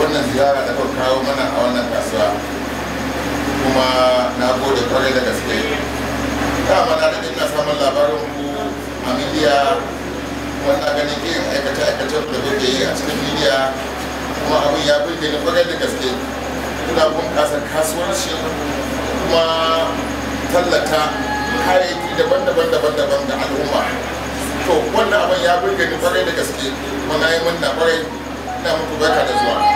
wannan ziyara da kawo kawo mana a wannan kasuwa kuma na gode kwarai da gaske dama na da dinga samun labarin ku a miliya wannan ganin irin aikace aikacen da kuke yi a cikin miliya kuma abin ya burge ni kwarai da gaske kuna kasuwar kasuwanci kuma tallata kayayyaki daban-daban daban-daban da al'umma to wannan abin ya burge ni kwarai da gaske kuma na yi mun da kwarai ina muku barka da zuwa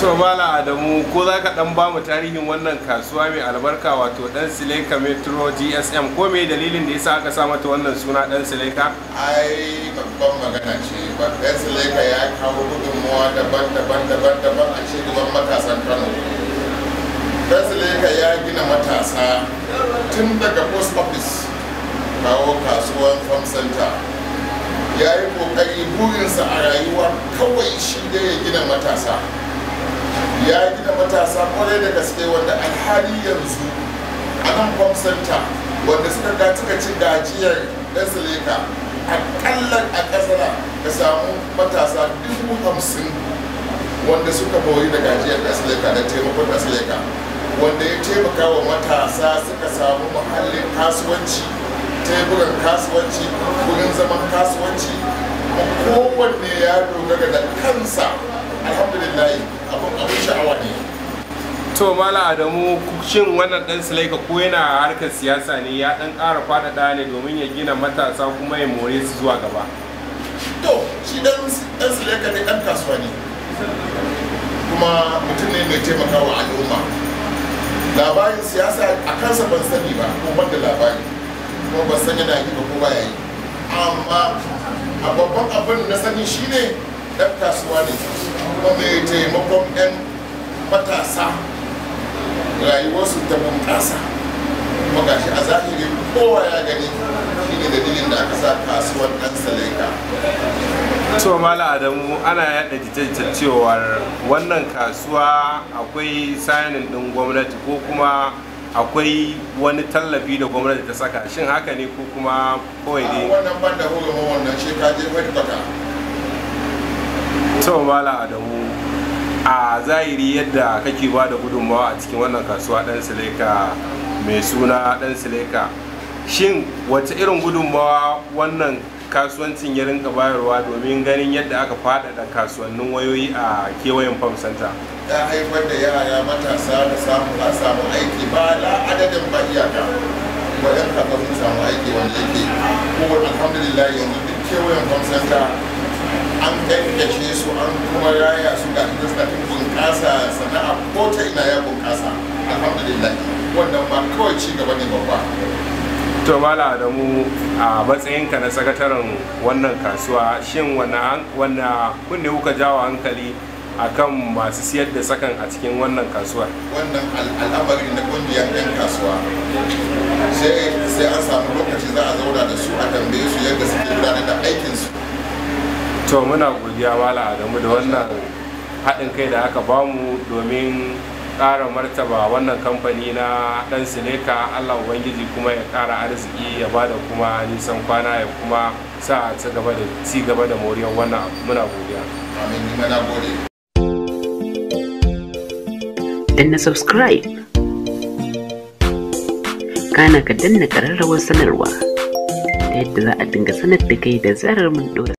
to mala adamu ko za ka dan bamu tarihin wannan kasuwa mai albarka wato dan sileka metro gsm ko me dalilin da yasa aka sa mata wannan suna dan sileka ai babban magana ce ba dan sileka ya kawo gudunmuwa daban-daban daban-daban a cikin gaban matasan kano dan sileka ya gina matasa tun daga post office kawo kasuwan farm center ya yi kokari burinsa a rayuwa kawai shi da ya gina matasa ya gina matasa kwarai da gaske wanda alhali yanzu a nan center wanda suka ga cika ci gajiyar ɗan silika akalla a ƙasara ka samu matasa dubu hamsin wanda suka bori da gajiyar ɗan silika da taimakon ɗan silika wanda ya taimaka wa matasa suka samu muhallin kasuwanci teburan kasuwanci wurin zaman kasuwanci kowanne ya dogara da kansa alhamdulillah abin sha'awa ne to mala adamu shin wannan dan silaika ko yana harkar siyasa ne ya dan ƙara faɗaɗa ne domin ya gina matasa kuma ya more su zuwa gaba to shi dan dan silaika ne dan kasuwa ne kuma mutum ne mai taimakawa al'umma labarin siyasa a kansa ban sani ba ko ban da labari kuma ban san yana yi ba ko baya yi amma a babban abin na sani shine dan kuma mai taimakon 'yan matasa rayuwarsu ta bunƙasa kuma gashi a zahiri kowa ya gani shi ne dalilin da aka sa kasuwar ɗan salaika to mala adamu ana yada jita cewar wannan kasuwa akwai sayanin ɗin gwamnati ko kuma akwai wani tallafi da gwamnati ta saka shin haka ne ko kuma kawai ne wannan ban da hurumin wannan shekaru headquarter to mala adamu a zahiri yadda kake ba da gudunmawa a cikin wannan kasuwa dan sileka mai suna dan sileka shin wata irin gudunmawa wannan kasuwancin ya rinka bayarwa domin ganin yadda aka da kasuwannin wayoyi a kewayen farm center ya haifar da yara matasa da samu a samu aiki ba la adadin ba iyaka wajen kafa sun samu aiki wanda yake ko alhamdulillah yanzu duk kewayen farm center an kankace su an kuma raya su ga inda suna bunƙasa sana'a ko ta ina ya bunƙasa alhamdulillah wannan ba kawai ci gaba ne babba to mala da mu a matsayinka na sakataren wannan kasuwa shin wanda kunne kuka jawo hankali akan masu siyar da sakan a cikin wannan kasuwa wannan al'amari na kungiyar 'yan kasuwa sai an samu lokaci za a zauna da su a tambaye su yadda suke gudanar da to muna godiya mala adamu da wannan haɗin kai da aka bamu domin ƙara martaba wannan kamfani na ɗan sileka allah ubangiji kuma ya ƙara arziki ya bada kuma nisan kwana ya kuma sa ci gaba da moriyar wannan muna godiya danna subscribe kana ka danna ƙararrawar sanarwa ta yadda za a dinga sanar da kai da zarar mun ɗora